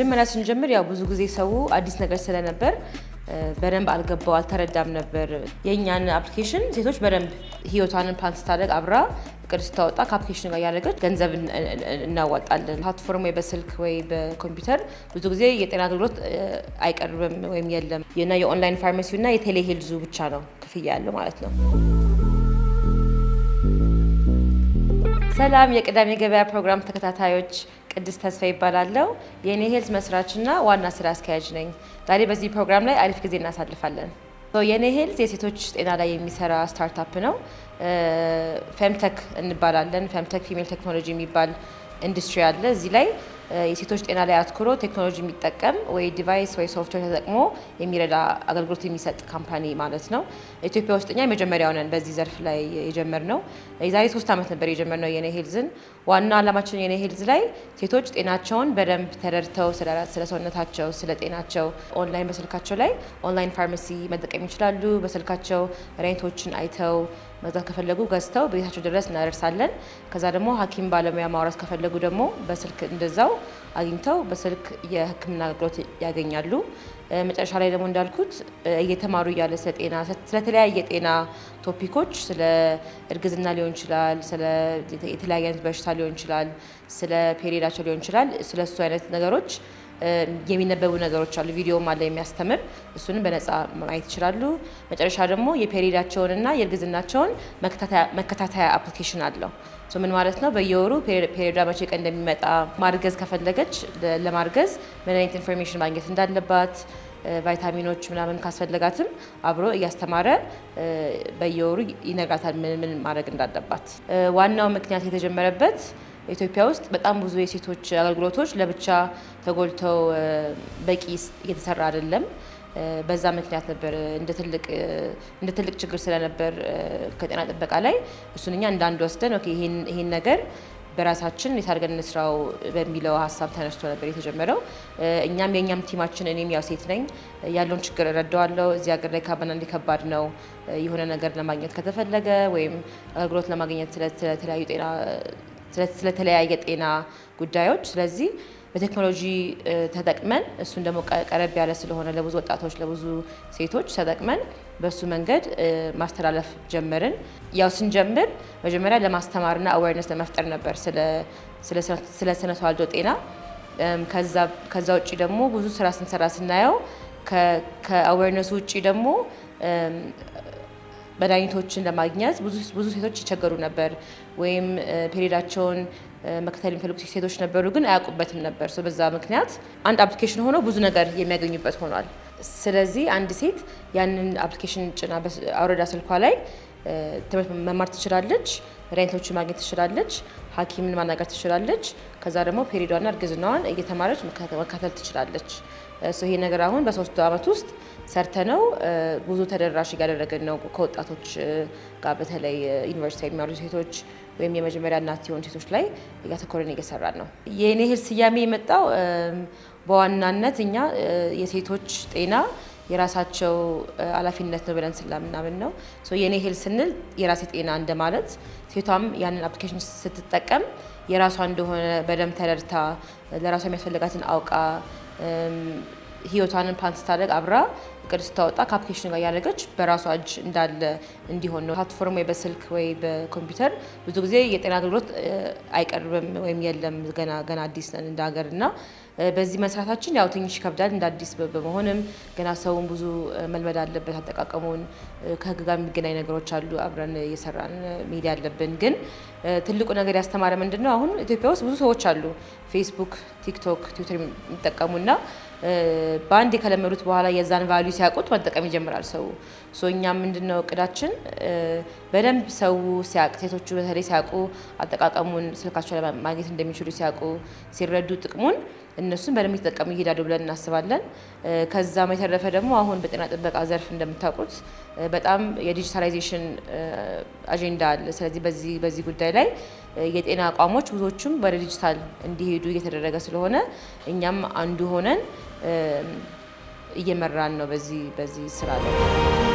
መጀመሪያ ስንጀምር ያው ብዙ ጊዜ ሰው አዲስ ነገር ስለነበር በደንብ አልገባው አልተረዳም ነበር። የእኛን አፕሊኬሽን ሴቶች በደንብ ህይወቷንን ፕላን ስታደርግ አብራ እቅድ ስታወጣ ከአፕሊኬሽን ጋር ያደረገች ገንዘብ እናዋጣለን። ፕላትፎርም ወይ በስልክ ወይ በኮምፒውተር ብዙ ጊዜ የጤና አገልግሎት አይቀርብም ወይም የለም እና የኦንላይን ፋርማሲው እና የቴሌሄልዙ ብቻ ነው ክፍያ ያለው ማለት ነው። ሰላም የቅዳሜ ገበያ ፕሮግራም ተከታታዮች ቅድስት ተስፋ ይባላለው። የኔ ሄልዝ መስራችና ዋና ስራ አስኪያጅ ነኝ። ዛሬ በዚህ ፕሮግራም ላይ አሪፍ ጊዜ እናሳልፋለን። የኔ ሄልዝ የሴቶች ጤና ላይ የሚሰራ ስታርታፕ ነው። ፌምቴክ እንባላለን። ፌምቴክ ፊሜል ቴክኖሎጂ የሚባል ኢንዱስትሪ አለ። እዚህ ላይ የሴቶች ጤና ላይ አትኩሮ ቴክኖሎጂ የሚጠቀም ወይ ዲቫይስ ወይ ሶፍትዌር ተጠቅሞ የሚረዳ አገልግሎት የሚሰጥ ካምፓኒ ማለት ነው። ኢትዮጵያ ውስጥ እኛ የመጀመሪያው ነን በዚህ ዘርፍ ላይ የጀመርነው። የዛሬ ሶስት ዓመት ነበር የጀመርነው የኔ ሄልዝን። ዋና ዓላማችን የኔ ሄልዝ ላይ ሴቶች ጤናቸውን በደንብ ተረድተው ስለ ሰውነታቸው፣ ስለ ጤናቸው ኦንላይን በስልካቸው ላይ ኦንላይን ፋርማሲ መጠቀም ይችላሉ። በስልካቸው መድኃኒቶችን አይተው መግዛት ከፈለጉ ገዝተው ቤታቸው ድረስ እናደርሳለን። ከዛ ደግሞ ሐኪም ባለሙያ ማውራት ከፈለጉ ደግሞ በስልክ እንደዛው አግኝተው በስልክ የሕክምና አገልግሎት ያገኛሉ። መጨረሻ ላይ ደግሞ እንዳልኩት እየተማሩ እያለ ስለጤና ስለተለያየ ጤና ቶፒኮች ስለ እርግዝና ሊሆን ይችላል፣ የተለያየ አይነት በሽታ ሊሆን ይችላል፣ ስለ ፔሪዳቸው ሊሆን ይችላል። ስለ እሱ አይነት ነገሮች የሚነበቡ ነገሮች አሉ። ቪዲዮም አለ የሚያስተምር እሱንም በነፃ ማየት ይችላሉ። መጨረሻ ደግሞ የፔሪዳቸውንና የእርግዝናቸውን መከታተያ አፕሊኬሽን አለው። ምን ማለት ነው? በየወሩ ፔሪዳ መቼ ቀን እንደሚመጣ ማርገዝ ከፈለገች ለማርገዝ ምን አይነት ኢንፎርሜሽን ማግኘት እንዳለባት ቫይታሚኖች ምናምን ካስፈለጋትም አብሮ እያስተማረ በየወሩ ይነግራታል ምን ምን ማድረግ እንዳለባት። ዋናው ምክንያት የተጀመረበት ኢትዮጵያ ውስጥ በጣም ብዙ የሴቶች አገልግሎቶች ለብቻ ተጎልተው በቂ እየተሰራ አይደለም። በዛ ምክንያት ነበር እንደ ትልቅ ችግር ስለነበር ከጤና ጥበቃ ላይ እሱን እኛ እንዳንድ ወስደን ይሄን ነገር በራሳችን የታርገን እንስራው በሚለው ሀሳብ ተነስቶ ነበር የተጀመረው። እኛም የእኛም ቲማችን እኔም ያው ሴት ነኝ ያለውን ችግር እረዳዋለሁ። እዚህ ሀገር ላይ ካበና እንዲ ከባድ ነው። የሆነ ነገር ለማግኘት ከተፈለገ ወይም አገልግሎት ለማግኘት ስለተለያዩ ጤና ስለተለያየ ጤና ጉዳዮች። ስለዚህ በቴክኖሎጂ ተጠቅመን እሱን ደግሞ ቀረብ ያለ ስለሆነ ለብዙ ወጣቶች ለብዙ ሴቶች ተጠቅመን በሱ መንገድ ማስተላለፍ ጀመርን። ያው ስንጀምር መጀመሪያ ለማስተማርና አዋርነስ ለመፍጠር ነበር ስለ ስነ ተዋልዶ ጤና። ከዛ ውጭ ደግሞ ብዙ ስራ ስንሰራ ስናየው ከአዋርነሱ ውጭ ደግሞ መድኃኒቶችን ለማግኘት ብዙ ሴቶች ይቸገሩ ነበር፣ ወይም ፔሪዳቸውን መከተል የሚፈልጉ ሴቶች ነበሩ፣ ግን አያውቁበትም ነበር። በዛ ምክንያት አንድ አፕሊኬሽን ሆኖ ብዙ ነገር የሚያገኙበት ሆኗል። ስለዚህ አንድ ሴት ያንን አፕሊኬሽን ጭና አውረዳ ስልኳ ላይ ትምህርት መማር ትችላለች፣ መድኃኒቶችን ማግኘት ትችላለች፣ ሐኪምን ማናገር ትችላለች። ከዛ ደግሞ ፔሪዷና እርግዝናዋን እየተማረች መከተል ትችላለች። ይሄ ነገር አሁን በሶስቱ ዓመት ውስጥ ሰርተ ነው ብዙ ተደራሽ እያደረግን ነው። ከወጣቶች ጋር በተለይ ዩኒቨርሲቲ የሚያሉ ሴቶች ወይም የመጀመሪያ እናት የሆኑ ሴቶች ላይ እያተኮረን እየሰራን ነው። የእኔ ህል ስያሜ የመጣው በዋናነት እኛ የሴቶች ጤና የራሳቸው ኃላፊነት ነው ብለን ስለምናምን ነው። የእኔ ህል ስንል የራሴ ጤና እንደማለት ሴቷም ያንን አፕሊኬሽን ስትጠቀም የራሷ እንደሆነ በደንብ ተረድታ ለራሷ የሚያስፈልጋትን አውቃ ህይወቷንን ፓንት ስታደርግ አብራ እቅድ ስታወጣ ከአፕሊኬሽን ጋር ያደረገች በራሷ እጅ እንዳለ እንዲሆን ነው። ፕላትፎርም ወይ በስልክ ወይ በኮምፒውተር ብዙ ጊዜ የጤና አገልግሎት አይቀርብም ወይም የለም። ገና ገና አዲስ ነን እንደ ሀገር እና በዚህ መስራታችን ያው ትንሽ ይከብዳል እንደ አዲስ በመሆንም ገና ሰውን ብዙ መልመድ አለበት። አጠቃቀሙን ከህግ ጋር የሚገናኝ ነገሮች አሉ። አብረን እየሰራን መሄድ ያለብን ግን ትልቁ ነገር ያስተማረ ምንድን ነው? አሁን ኢትዮጵያ ውስጥ ብዙ ሰዎች አሉ ፌስቡክ፣ ቲክቶክ፣ ትዊተር የሚጠቀሙና በአንድ የከለመዱት በኋላ የዛን ቫሊዩ ሲያውቁት መጠቀም ይጀምራል ሰው። እኛ ምንድን ነው እቅዳችን በደንብ ሰው ሲያውቅ፣ ሴቶቹ በተለይ ሲያውቁ አጠቃቀሙን ስልካቸው ለማግኘት እንደሚችሉ ሲያውቁ፣ ሲረዱ ጥቅሙን እነሱን በደንብ እየተጠቀሙ ይሄዳሉ ብለን እናስባለን። ከዛም የተረፈ ደግሞ አሁን በጤና ጥበቃ ዘርፍ እንደምታውቁት በጣም የዲጂታላይዜሽን አጀንዳ አለ። ስለዚህ በዚህ በዚህ ጉዳይ ላይ የጤና አቋሞች ብዙዎቹም ወደ ዲጂታል እንዲሄዱ እየተደረገ ስለሆነ እኛም አንዱ ሆነን እየመራን ነው በዚህ በዚህ ስራ ላይ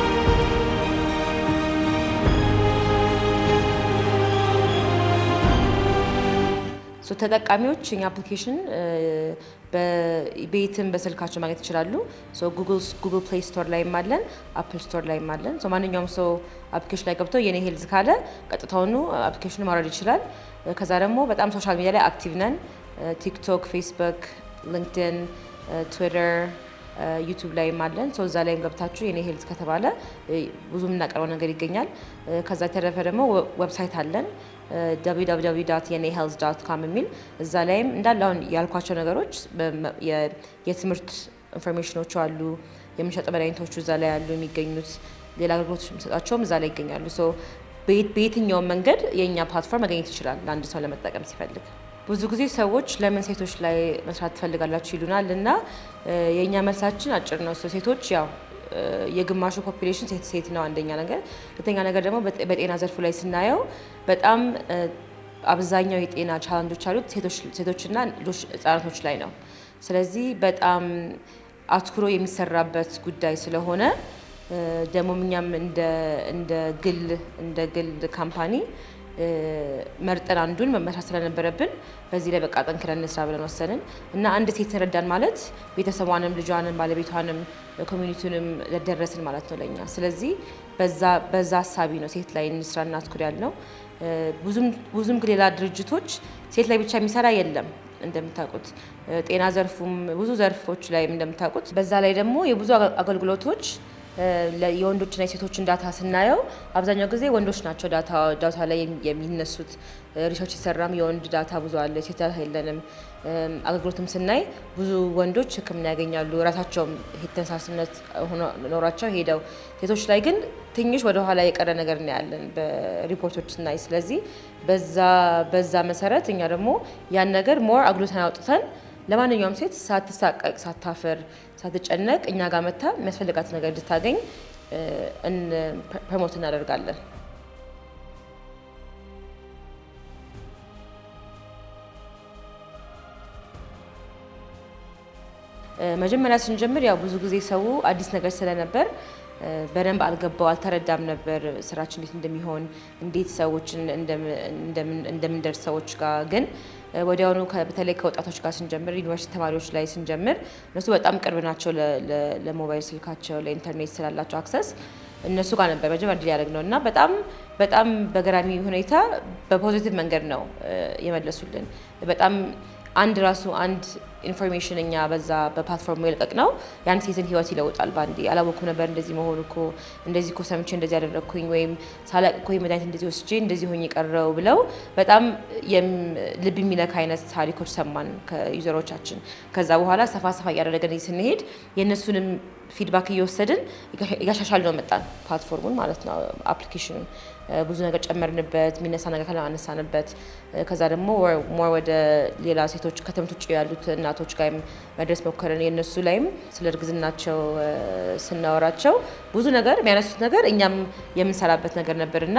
ተጠቃሚዎች እኛ አፕሊኬሽን uh, በቤትም በስልካቸው ማግኘት ይችላሉ። ጉግል ፕሌይ ስቶር ላይም አለን፣ አፕል ስቶር ላይም አለን። ማንኛውም ሰው አፕሊኬሽን ላይ ገብተው የኔ ሄልዝ ካለ ቀጥታውኑ አፕሊኬሽኑ ማውረድ ይችላል። uh, ከዛ ደግሞ በጣም ሶሻል ሚዲያ ላይ አክቲቭ ነን። ቲክቶክ፣ ፌስቡክ፣ ሊንክድን፣ ትዊተር ዩቱብ ላይም አለን። ሰው እዛ ላይም ገብታችሁ የኔ ሄልዝ ከተባለ uh, ብዙ የምናቀርበው ነገር ይገኛል። ከዛ የተረፈ ደግሞ ዌብሳይት አለን ሄልዝ ዳት ካም የሚል እዛ ላይም እንዳለ አሁን ያልኳቸው ነገሮች የትምህርት ኢንፎርሜሽኖቹ አሉ። የምንሸጥ መድኃኒቶቹ እዛ ላይ አሉ የሚገኙት። ሌላ አገልግሎቶች የምንሰጣቸውም እዛ ላይ ይገኛሉ። በየትኛውም መንገድ የእኛ ፕላትፎርም መገኘት ይችላል ለአንድ ሰው ለመጠቀም ሲፈልግ። ብዙ ጊዜ ሰዎች ለምን ሴቶች ላይ መስራት ትፈልጋላችሁ ይሉናል እና የእኛ መልሳችን አጭር ነው። ሴቶች ያው የግማሹ ፖፕሌሽን ሴት ሴት ነው አንደኛ ነገር። ሁለተኛ ነገር ደግሞ በጤና ዘርፉ ላይ ስናየው በጣም አብዛኛው የጤና ቻለንጆች ያሉት ሴቶችና ልጆች ህጻናቶች ላይ ነው። ስለዚህ በጣም አትኩሮ የሚሰራበት ጉዳይ ስለሆነ ደግሞ እኛም እንደ ግል እንደ ግል ካምፓኒ መርጠን አንዱን መመስረት ስለነበረብን በዚህ ላይ በቃ ጠንክረን እንስራ ብለን ወሰንን እና አንድ ሴት ረዳን ማለት ቤተሰቧንም ልጇንም ባለቤቷንም ኮሚኒቲውንም ደረስን ማለት ነው ለኛ ስለዚህ በዛ ሀሳቢ ነው ሴት ላይ እንስራ እና ያልነው። ብዙም ሌላ ድርጅቶች ሴት ላይ ብቻ የሚሰራ የለም እንደምታውቁት ጤና ዘርፉም ብዙ ዘርፎች ላይም እንደምታውቁት በዛ ላይ ደግሞ የብዙ አገልግሎቶች የወንዶችና የሴቶችን ዳታ ስናየው አብዛኛው ጊዜ ወንዶች ናቸው ዳታ ላይ የሚነሱት። ሪሰርች ሲሰራም የወንድ ዳታ ብዙ አለ፣ ሴት ዳታ የለንም። አገልግሎትም ስናይ ብዙ ወንዶች ሕክምና ያገኛሉ ራሳቸውም ተነሳስነት ኖሯቸው ሄደው፣ ሴቶች ላይ ግን ትንሽ ወደኋላ የቀረ ነገር እናያለን በሪፖርቶች ስናይ። ስለዚህ በዛ መሰረት እኛ ደግሞ ያን ነገር ሞር አገልግሎትን አውጥተን ለማንኛውም ሴት ሳትሳቀቅ፣ ሳታፍር፣ ሳትጨነቅ እኛ ጋር መታ የሚያስፈልጋት ነገር እንድታገኝ ፕሮሞት እናደርጋለን። መጀመሪያ ስንጀምር ያው ብዙ ጊዜ ሰው አዲስ ነገር ስለነበር በደንብ አልገባው አልተረዳም ነበር ስራችን እንዴት እንደሚሆን እንዴት ሰዎችን እንደምንደርስ ሰዎች ጋር ግን ወዲያውኑ በተለይ ከወጣቶች ጋር ስንጀምር ዩኒቨርሲቲ ተማሪዎች ላይ ስንጀምር እነሱ በጣም ቅርብ ናቸው ለሞባይል ስልካቸው ለኢንተርኔት ስላላቸው አክሰስ እነሱ ጋር ነበር መጀመር ድል ያደግ ነው እና በጣም በጣም በገራሚ ሁኔታ በፖዚቲቭ መንገድ ነው የመለሱልን በጣም አንድ ራሱ አንድ ኢንፎርሜሽን እኛ በዛ በፕላትፎርም መልቀቅ ነው ያን ሴትን ህይወት ይለውጣል። ባንዴ አላወኩም ነበር እንደዚህ መሆኑ እኮ እንደዚህ እኮ ሰምቼ እንደዚህ ያደረግኩኝ ወይም ሳላቅ እኮ መድኃኒት እንደዚህ ወስጄ እንደዚህ ሆኜ ቀረው ብለው በጣም ልብ የሚለካ አይነት ታሪኮች ሰማን ከዩዘሮቻችን። ከዛ በኋላ ሰፋ ሰፋ እያደረገ እንደዚህ ስንሄድ የእነሱንም ፊድባክ እየወሰድን እያሻሻል ነው መጣን ፕላትፎርሙን ማለት ነው አፕሊኬሽኑን ብዙ ነገር ጨመርንበት። የሚነሳ ነገር ካለ አነሳንበት። ከዛ ደግሞ ሞር ወደ ሌላ ሴቶች ከተምት ውጭ ያሉት እናቶች ጋር መድረስ ሞከርን። የእነሱ ላይም ስለ እርግዝናቸው ስናወራቸው ብዙ ነገር የሚያነሱት ነገር እኛም የምንሰራበት ነገር ነበር እና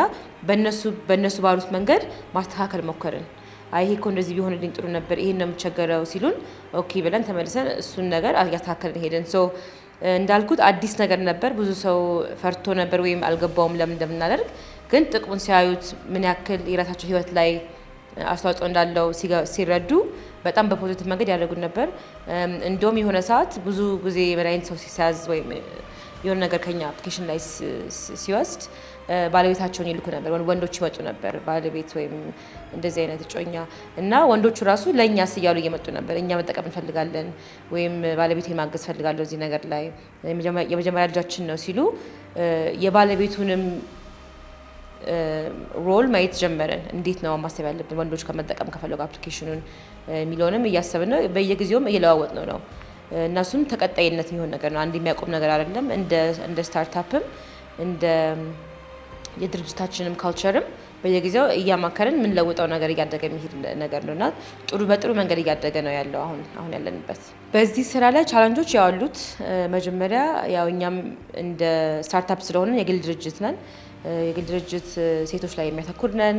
በእነሱ ባሉት መንገድ ማስተካከል ሞከርን። አይ ይሄ እኮ እንደዚህ ቢሆንልኝ ጥሩ ነበር፣ ይሄን ነው የምቸገረው ሲሉን ኦኬ ብለን ተመልሰን እሱን ነገር እያስተካከልን ሄደን ሶ እንዳልኩት አዲስ ነገር ነበር። ብዙ ሰው ፈርቶ ነበር ወይም አልገባውም ለምን እንደምናደርግ ግን ጥቅሙን ሲያዩት ምን ያክል የራሳቸው ህይወት ላይ አስተዋጽኦ እንዳለው ሲረዱ በጣም በፖዚቲቭ መንገድ ያደርጉት ነበር። እንደውም የሆነ ሰዓት ብዙ ጊዜ መድኃኒት ሰው ሲያዝ ወይም የሆነ ነገር ከኛ አፕሊኬሽን ላይ ሲወስድ ባለቤታቸውን ይልኩ ነበር። ወንዶች ይመጡ ነበር፣ ባለቤት ወይም እንደዚህ አይነት እጮኛ እና ወንዶቹ ራሱ ለእኛ ስያሉ እየመጡ ነበር። እኛ መጠቀም እንፈልጋለን ወይም ባለቤት ማገዝ እፈልጋለሁ እዚህ ነገር ላይ የመጀመሪያ ልጃችን ነው ሲሉ የባለቤቱንም ሮል ማየት ጀመርን። እንዴት ነው ማሰብ ያለብን ወንዶች ከመጠቀም ከፈለጉ አፕሊኬሽኑን የሚለውንም እያሰብን ነው። በየጊዜውም እየለዋወጥ ነው ነው እና ተቀጣይነት የሚሆን ነገር ነው። አንድ የሚያቆም ነገር አይደለም። እንደ ስታርታፕም እንደ የድርጅታችንም ካልቸርም በየጊዜው እያማከርን የምንለውጠው ነገር እያደገ የሚሄድ ነገር ነው እና ጥሩ በጥሩ መንገድ እያደገ ነው ያለው አሁን አሁን ያለንበት። በዚህ ስራ ላይ ቻለንጆች ያሉት መጀመሪያ ያው እኛም እንደ ስታርታፕ ስለሆነ የግል ድርጅት ነን የግል ድርጅት ሴቶች ላይ የሚያተኩር ነን።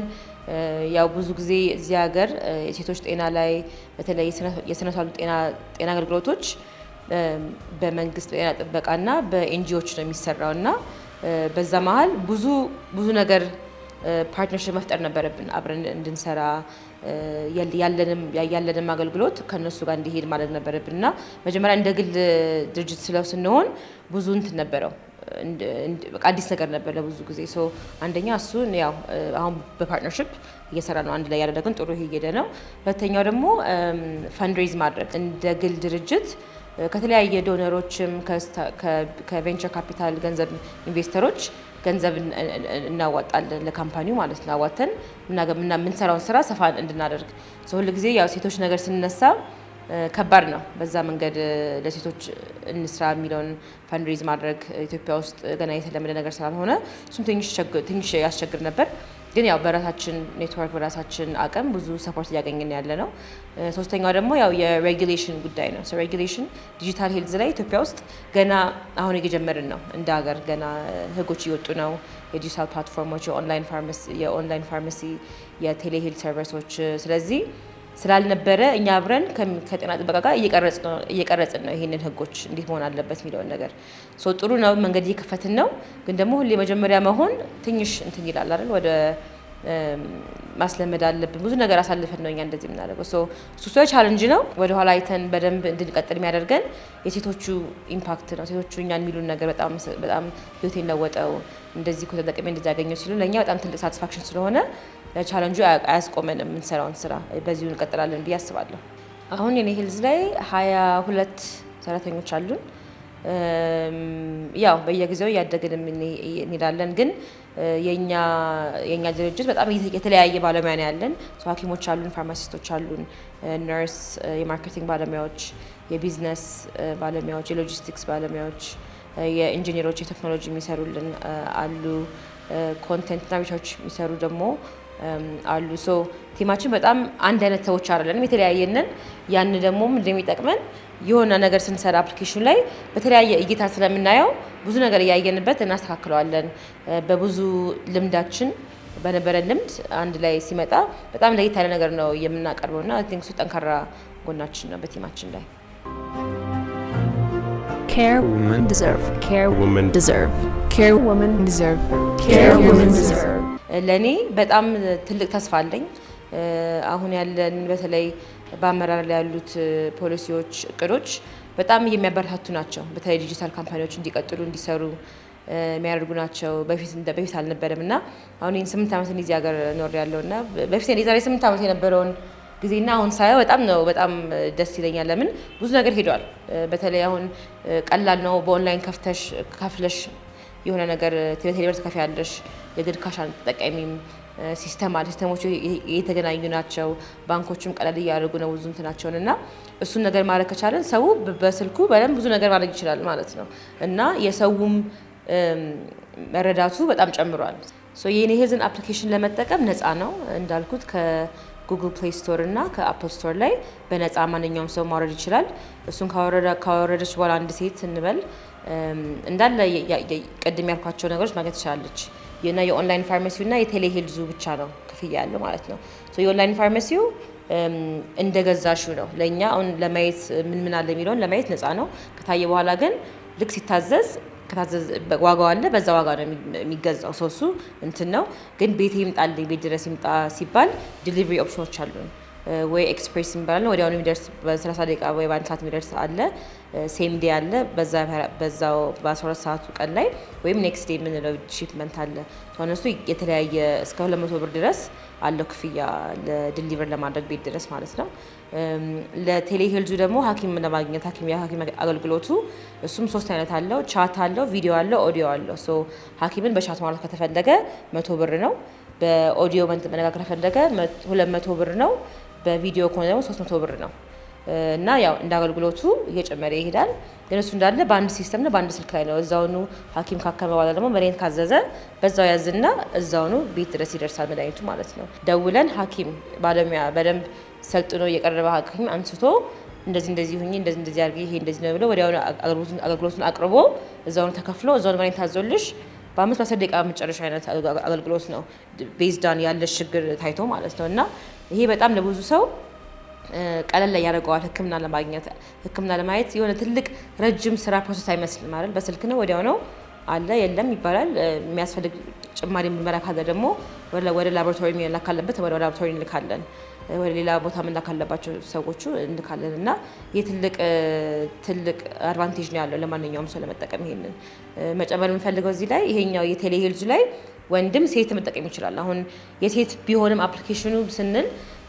ያው ብዙ ጊዜ እዚህ ሀገር የሴቶች ጤና ላይ በተለይ የስነ ተዋልዶ ጤና አገልግሎቶች በመንግስት ጤና ጥበቃና በኤንጂኦች ነው የሚሰራው እና በዛ መሀል ብዙ ብዙ ነገር ፓርትነርሽፕ መፍጠር ነበረብን አብረን እንድንሰራ ያለንም አገልግሎት ከነሱ ጋር እንዲሄድ ማድረግ ነበረብን እና መጀመሪያ እንደ ግል ድርጅት ስለው ስንሆን ብዙ እንትን ነበረው በቃ አዲስ ነገር ነበር ለብዙ ጊዜ። ሶ አንደኛ እሱን ያው አሁን በፓርትነርሽፕ እየሰራ ነው አንድ ላይ ያደረግን ጥሩ እየሄደ ነው። ሁለተኛው ደግሞ ፈንድሬዝ ማድረግ እንደ ግል ድርጅት ከተለያየ ዶነሮችም ከቬንቸር ካፒታል ገንዘብ ኢንቨስተሮች ገንዘብ እናዋጣለን ለካምፓኒው ማለት ነው። አዋተን የምንሰራውን ስራ ሰፋ እንድናደርግ ሁልጊዜ ያው ሴቶች ነገር ስንነሳ ከባድ ነው። በዛ መንገድ ለሴቶች እንስራ የሚለውን ፈንድሬዝ ማድረግ ኢትዮጵያ ውስጥ ገና የተለመደ ነገር ስላልሆነ እሱም ትንሽ ያስቸግር ነበር። ግን ያው በራሳችን ኔትወርክ በራሳችን አቅም ብዙ ሰፖርት እያገኘን ያለ ነው። ሶስተኛው ደግሞ ያው የሬጊሌሽን ጉዳይ ነው። ሬጊሌሽን ዲጂታል ሄልዝ ላይ ኢትዮጵያ ውስጥ ገና አሁን እየጀመርን ነው። እንደ ሀገር ገና ህጎች እየወጡ ነው። የዲጂታል ፕላትፎርሞች፣ የኦንላይን ፋርማሲ፣ የቴሌሄልዝ ሰርቨሶች ስለዚህ ስላልነበረ እኛ አብረን ከጤና ጥበቃ ጋር እየቀረጽን ነው ይህንን ህጎች እንዴት መሆን አለበት የሚለውን ነገር ጥሩ ነው። መንገድ እየከፈትን ነው። ግን ደግሞ ሁሌ መጀመሪያ መሆን ትንሽ እንትን ይላል አይደል ወደ ማስለመድ አለብን። ብዙ ነገር አሳልፈን ነው እኛ እንደዚህ የምናደርገው። እሱ ቻለንጅ ነው። ወደኋላ አይተን በደንብ እንድንቀጥል የሚያደርገን የሴቶቹ ኢምፓክት ነው። ሴቶቹ እኛን የሚሉን ነገር በጣም ህይወት የለወጠው እንደዚህ ተጠቅሜ እንደዚህ ያገኘው ሲሉ ለእኛ በጣም ትልቅ ሳትስፋክሽን ስለሆነ ቻለንጁ አያስቆመንም። የምንሰራውን ስራ በዚሁ እንቀጥላለን ብዬ አስባለሁ። አሁን የኔ ሂልዝ ላይ ሀያ ሁለት ሰራተኞች አሉን። ያው በየጊዜው እያደግን እንሄዳለን ግን የኛ ድርጅት በጣም የተለያየ ባለሙያ ነው ያለን። ሐኪሞች አሉን፣ ፋርማሲስቶች አሉን፣ ነርስ፣ የማርኬቲንግ ባለሙያዎች፣ የቢዝነስ ባለሙያዎች፣ የሎጂስቲክስ ባለሙያዎች፣ የኢንጂኒሮች፣ የቴክኖሎጂ የሚሰሩልን አሉ። ኮንቴንትና ቢቻዎች የሚሰሩ ደግሞ አሉ። ሶ ቲማችን በጣም አንድ አይነት ሰዎች አይደለንም፣ የተለያየንን ያን ደግሞ ምንድን የሚጠቅመን የሆነ ነገር ስንሰራ አፕሊኬሽኑ ላይ በተለያየ እይታ ስለምናየው ብዙ ነገር እያየንበት እናስተካክለዋለን። በብዙ ልምዳችን በነበረ ልምድ አንድ ላይ ሲመጣ በጣም ለየት ያለ ነገር ነው የምናቀርበው እና ቲንክ እሱ ጠንካራ ጎናችን ነው በቲማችን ላይ። ለእኔ በጣም ትልቅ ተስፋ አለኝ አሁን ያለን በተለይ በአመራር ላይ ያሉት ፖሊሲዎች፣ እቅዶች በጣም የሚያበረታቱ ናቸው። በተለይ ዲጂታል ካምፓኒዎች እንዲቀጥሉ እንዲሰሩ የሚያደርጉ ናቸው። በፊት አልነበረም እና አሁን ይህን ስምንት ዓመት እዚህ ሀገር ኖር ያለው እና በፊት የዛሬ ስምንት ዓመት የነበረውን ጊዜና አሁን ሳየው በጣም ነው በጣም ደስ ይለኛል። ለምን ብዙ ነገር ሄደዋል። በተለይ አሁን ቀላል ነው። በኦንላይን ከፍተሽ ከፍለሽ የሆነ ነገር ቴሌብር ትከፍያለሽ። የግድ ካሽ ተጠቃሚም ሲስተም አለ። ሲስተሞቹ የተገናኙ ናቸው። ባንኮቹም ቀለል እያደረጉ ነው ብዙ እንትናቸውን እና እሱን ነገር ማድረግ ከቻለን ሰው በስልኩ በደንብ ብዙ ነገር ማድረግ ይችላል ማለት ነው እና የሰውም መረዳቱ በጣም ጨምሯል። የኔ ሄልዝን አፕሊኬሽን ለመጠቀም ነፃ ነው እንዳልኩት ከጉግል ፕሌይ ስቶር እና ከአፕል ስቶር ላይ በነፃ ማንኛውም ሰው ማውረድ ይችላል። እሱን ካወረደች በኋላ አንድ ሴት እንበል እንዳለ ቅድም ያልኳቸው ነገሮች ማግኘት ትችላለች። እና የኦንላይን ፋርማሲው እና የቴሌሄልዙ ብቻ ነው ክፍያ ያለው ማለት ነው። የኦንላይን ፋርማሲው እንደ ገዛሹ ነው። ለእኛ አሁን ለማየት ምን ምን አለ የሚለውን ለማየት ነፃ ነው። ከታየ በኋላ ግን ልክ ሲታዘዝ ከታዘዝ ዋጋው አለ፣ በዛ ዋጋ ነው የሚገዛው። ሰው እሱ እንትን ነው። ግን ቤት ይምጣልኝ ቤት ድረስ ይምጣ ሲባል ዲሊቨሪ ኦፕሽኖች አሉን። ወይ ኤክስፕሬስ የሚባላለን ወዲያውኑ የሚደርስ በ30 ደቂቃ ወይ በአንድ ሰዓት የሚደርስ አለ። ሴም ዴ አለ በዛው በ12 ሰዓቱ ቀን ላይ ወይም ኔክስት ዴ የምንለው ሺፕመንት አለ። እነሱ የተለያየ እስከ 200 ብር ድረስ አለው ክፍያ ለድሊቨር ለማድረግ ቤት ድረስ ማለት ነው። ለቴሌሄልዙ ደግሞ ሐኪም ለማግኘት ሐኪም የሐኪም አገልግሎቱ እሱም ሶስት አይነት አለው። ቻት አለው፣ ቪዲዮ አለው፣ ኦዲዮ አለው። ሶ ሐኪምን በቻት ማለት ከተፈለገ መቶ ብር ነው። በኦዲዮ መነጋገር ከፈለገ ሁለት መቶ ብር ነው። በቪዲዮ ከሆነ ደግሞ 300 ብር ነው እና ያው እንደ አገልግሎቱ እየጨመረ ይሄዳል። ግን እሱ እንዳለ በአንድ ሲስተም ነው፣ በአንድ ስልክ ላይ ነው። እዛውኑ ሐኪም ካከመ በኋላ ደግሞ መድኃኒት ካዘዘ በዛው ያዝና እዛውኑ ቤት ድረስ ይደርሳል መድኃኒቱ ማለት ነው። ደውለን ሐኪም ባለሙያ በደንብ ሰልጥኖ የቀረበ ሐኪም አንስቶ እንደዚህ እንደዚህ ሁኝ እንደዚህ እንደዚህ አድርጊ ይሄ እንደዚህ ነው ብሎ ወዲያውኑ አገልግሎቱን አቅርቦ እዛውኑ ተከፍሎ እዛውኑ መድኃኒት ታዞልሽ በአምስት በአስር ደቂቃ መጨረሻ አይነት አገልግሎት ነው ቤዝዳን ያለሽ ችግር ታይቶ ማለት ነው። እና ይሄ በጣም ለብዙ ሰው ቀለል ላይ ያደርገዋል። ህክምና ለማግኘት ህክምና ለማየት የሆነ ትልቅ ረጅም ስራ ፕሮሰስ አይመስልም አይደል? በስልክ ነው ወዲያው ነው አለ የለም ይባላል። የሚያስፈልግ ጭማሪ ምርመራ ካለ ደግሞ ወደ ላቦራቶሪ ላካለበት ወደ ላቦራቶሪ እንልካለን። ወደ ሌላ ቦታ መላክ ካለባቸው ሰዎቹ እንልካለን እና የትልቅ ትልቅ አድቫንቴጅ ነው ያለው ለማንኛውም ሰው ለመጠቀም። ይሄንን መጨመር የምንፈልገው እዚህ ላይ ይሄኛው የቴሌሄልዙ ላይ ወንድም ሴት መጠቀም ይችላል። አሁን የሴት ቢሆንም አፕሊኬሽኑ ስንል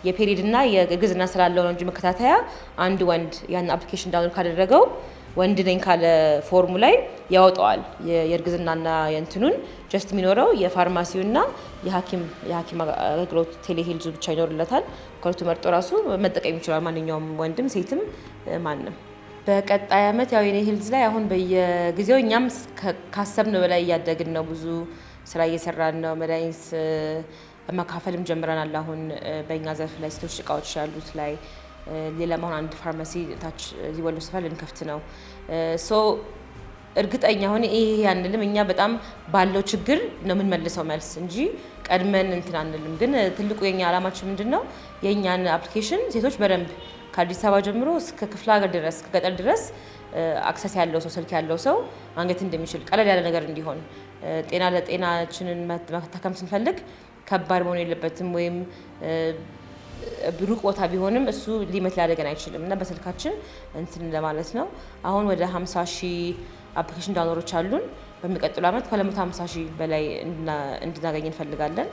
የፔሪድ እና የእርግዝና ስላለው ነው እንጂ መከታተያ አንድ ወንድ ያን አፕሊኬሽን ዳውንሎድ ካደረገው ወንድ ነኝ ካለ ፎርሙ ላይ ያወጣዋል። የእርግዝናና የእንትኑን ጀስት የሚኖረው የፋርማሲውና የሐኪም የሐኪም አገልግሎት ቴሌሄልዙ ብቻ ይኖርለታል። ከሁለቱ መርጦ ራሱ መጠቀም ይችላል። ማንኛውም ወንድም ሴትም ማንም በቀጣይ ዓመት ያው የኔ ሄልዝ ላይ አሁን በየጊዜው እኛም ካሰብነው በላይ እያደግን ነው። ብዙ ስራ እየሰራን ነው። መድኃኒት መካፈልም ጀምረናል። አሁን በእኛ ዘርፍ ላይ ሴቶች እቃዎች ያሉት ላይ Eh, ሌላም አንድ ፋርማሲ ታች እዚህ ወሎ ሰፈር ልንከፍት ነው። ሶ eh, እርግጠኛ ሆነ ይሄ አንልም። እኛ በጣም ባለው ችግር ነው የምንመልሰው መልስ እንጂ ቀድመን እንትን አንልም። ግን ትልቁ የኛ አላማችን ምንድን ነው? የእኛን አፕሊኬሽን ሴቶች በደንብ ከአዲስ አበባ ጀምሮ እስከ ክፍለ ሀገር ድረስ ከገጠር ድረስ አክሰስ eh, ያለው ሰው ስልክ ያለው ሰው ማግኘት እንደሚችል ቀለል ያለ ነገር እንዲሆን ጤና ለጤናችንን መታከም ስንፈልግ ከባድ መሆን የለበትም ወይም ሩቅ ቦታ ቢሆንም እሱ ሊመት ሊያደገን አይችልም እና በስልካችን እንትን ለማለት ነው። አሁን ወደ 50 ሺህ አፕሊኬሽን ዳውንሎዶች አሉን። በሚቀጥሉ ዓመት ከ250 ሺህ በላይ እንድናገኝ እንፈልጋለን።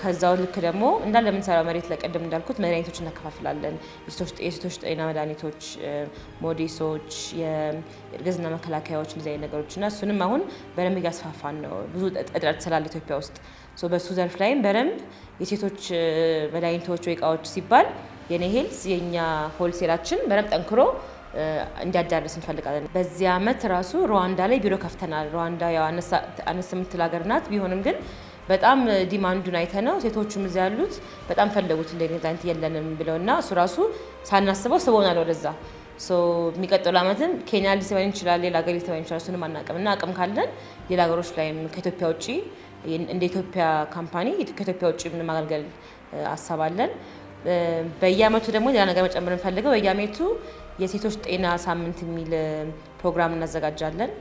ከዛው ልክ ደግሞ እንዳለ የምንሰራው መሬት ለቀደም እንዳልኩት መድኃኒቶች እናከፋፍላለን። የሴቶች ጤና መድኃኒቶች፣ ሞዴሶች፣ የእርግዝና መከላከያዎች እንደዚህ ነገሮች እና እሱንም አሁን በደንብ እያስፋፋን ነው። ብዙ እጥረት ስላለ ኢትዮጵያ ውስጥ በእሱ ዘርፍ ላይም በደንብ የሴቶች መድኃኒቶች ወይ እቃዎች ሲባል የኔ ሄልስ የእኛ ሆልሴላችን በደንብ ጠንክሮ እንዲያዳርስ እንፈልጋለን። በዚህ አመት ራሱ ሩዋንዳ ላይ ቢሮ ከፍተናል። ሩዋንዳ ያው አነስ የምትል ሀገር ናት። ቢሆንም ግን በጣም ዲማንዱን አይተ ነው ሴቶቹም እዚያ ያሉት በጣም ፈለጉት። እንደዚህ አይነት የለንም ብለው እና እሱ ራሱ ሳናስበው ስቦናል ወደዛ። የሚቀጥለው ዓመትም ኬንያ ሊስበን ይችላል፣ ሌላ ሀገር ሊስበን ይችላል። እሱንም አናውቅም እና አቅም ካለን ሌላ ሀገሮች ላይም ከኢትዮጵያ ውጭ እንደ ኢትዮጵያ ካምፓኒ ከኢትዮጵያ ውጭ ምን ማገልገል አሳባለን። በየአመቱ ደግሞ ሌላ ነገር መጨመር እንፈልገው። በየአመቱ የሴቶች ጤና ሳምንት የሚል ፕሮግራም እናዘጋጃለን።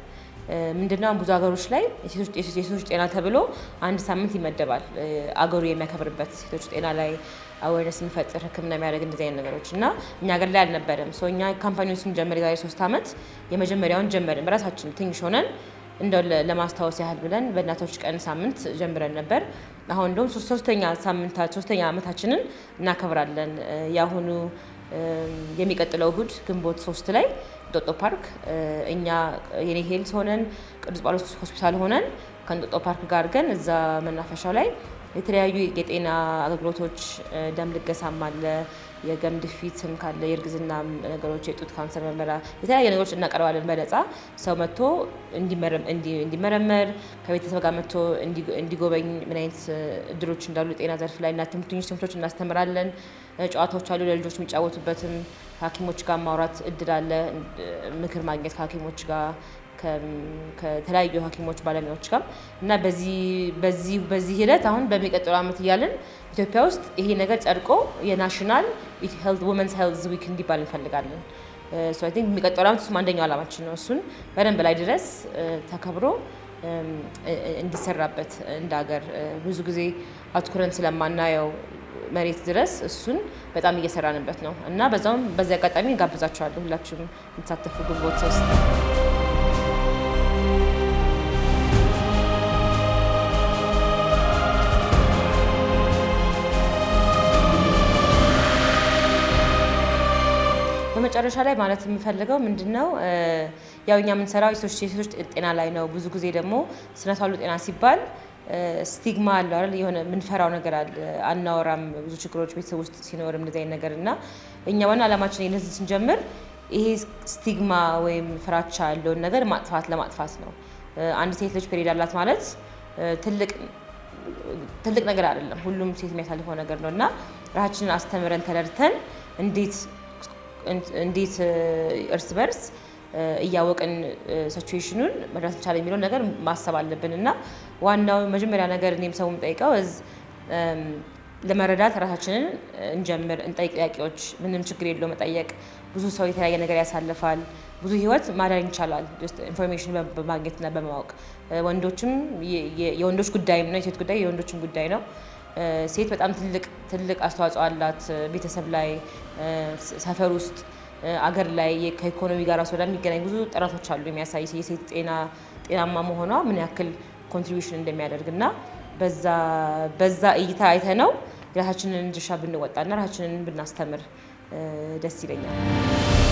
ምንድነው ብዙ ሀገሮች ላይ የሴቶች ጤና ተብሎ አንድ ሳምንት ይመደባል። አገሩ የሚያከብርበት ሴቶች ጤና ላይ አዌርነስ የሚፈጥር ሕክምና የሚያደርግ እንደዚህ አይነት ነገሮች እና እኛ ሀገር ላይ አልነበረም። ሰው እኛ ካምፓኒዎች ስንጀምር የዛሬ ሶስት ዓመት የመጀመሪያውን ጀመርን በራሳችን ትንሽ ሆነን እንደው ለማስታወስ ያህል ብለን በእናቶች ቀን ሳምንት ጀምረን ነበር። አሁን እንደውም ሶስተኛ ሳምንታ ሶስተኛ ዓመታችንን እናከብራለን የአሁኑ የሚቀጥለው እሁድ ግንቦት ሶስት ላይ እንጦጦ ፓርክ እኛ የኔ ሄልስ ሆነን ቅዱስ ጳውሎስ ሆስፒታል ሆነን ከእንጦጦ ፓርክ ጋር ግን እዛ መናፈሻው ላይ የተለያዩ የጤና አገልግሎቶች ደም ልገሳም አለ የደም ግፊትም ካለ የእርግዝና ነገሮች፣ የጡት ካንሰር ምርመራ፣ የተለያዩ ነገሮች እናቀርባለን በነፃ ሰው መጥቶ እንዲመረመር ከቤተሰብ ጋር መጥቶ እንዲጎበኝ ምን አይነት እድሎች እንዳሉ የጤና ዘርፍ ላይ እና ትምህርትኞች ትምህርቶች እናስተምራለን። ጨዋታዎች አሉ ለልጆች የሚጫወቱበትም ከሐኪሞች ጋር ማውራት እድል አለ ምክር ማግኘት ከሐኪሞች ጋር ከተለያዩ ሐኪሞች ባለሙያዎች ጋር እና በዚህ ሂደት አሁን በሚቀጥለው ዓመት እያለን ኢትዮጵያ ውስጥ ይሄ ነገር ጸድቆ የናሽናል ወመንስ ሄልዝ ዊክ እንዲባል እንፈልጋለን። ቲንክ የሚቀጥለው ዓመት እሱም አንደኛው ዓላማችን ነው። እሱን በደንብ ላይ ድረስ ተከብሮ እንዲሰራበት እንደ ሀገር ብዙ ጊዜ አትኩረን ስለማናየው መሬት ድረስ እሱን በጣም እየሰራንበት ነው እና በዛውም በዚህ አጋጣሚ እንጋብዛቸዋለሁ ሁላችሁም የተሳተፉ ግንቦት ሶስት መጨረሻ ላይ ማለት የምፈልገው ምንድን ነው ያው እኛ የምንሰራው የሴቶች ጤና ላይ ነው። ብዙ ጊዜ ደግሞ ስነ ተዋልዶ ጤና ሲባል ስቲግማ አለ አይደል? የሆነ የምንፈራው ነገር አለ። አናወራም ብዙ ችግሮች ቤተሰብ ውስጥ ሲኖር እንደዚህ አይነት ነገር እና እኛ ዋና አላማችን ይህን ህዝብ ስንጀምር ይሄ ስቲግማ ወይም ፍራቻ ያለውን ነገር ማጥፋት ለማጥፋት ነው። አንድ ሴት ልጅ ፔሪድ አላት ማለት ትልቅ ትልቅ ነገር አይደለም። ሁሉም ሴት የሚያሳልፈው ነገር ነው እና ራሳችንን አስተምረን ተረድተን እንዴት እንዴት እርስ በርስ እያወቅን ሲቹዌሽኑን መድረስ እንቻለ የሚለውን ነገር ማሰብ አለብን እና ዋናው መጀመሪያ ነገር እኔም ሰው የምጠይቀው እዝ ለመረዳት ራሳችንን እንጀምር፣ እንጠይቅ። ጥያቄዎች ምንም ችግር የለው መጠየቅ። ብዙ ሰው የተለያየ ነገር ያሳልፋል። ብዙ ህይወት ማዳን ይቻላል ኢንፎርሜሽን በማግኘትና በማወቅ። ወንዶችም የወንዶች ጉዳይም ነው የሴት ጉዳይ የወንዶችም ጉዳይ ነው። ሴት በጣም ትልቅ ትልቅ አስተዋጽኦ አላት። ቤተሰብ ላይ፣ ሰፈር ውስጥ፣ አገር ላይ ከኢኮኖሚ ጋር ሶዳ የሚገናኝ ብዙ ጥናቶች አሉ የሚያሳይ የሴት ጤና ጤናማ መሆኗ ምን ያክል ኮንትሪቢሽን እንደሚያደርግ እና በዛ እይታ አይተ ነው የራሳችንን ድርሻ ና ራሳችንን ብናስተምር ደስ ይለኛል።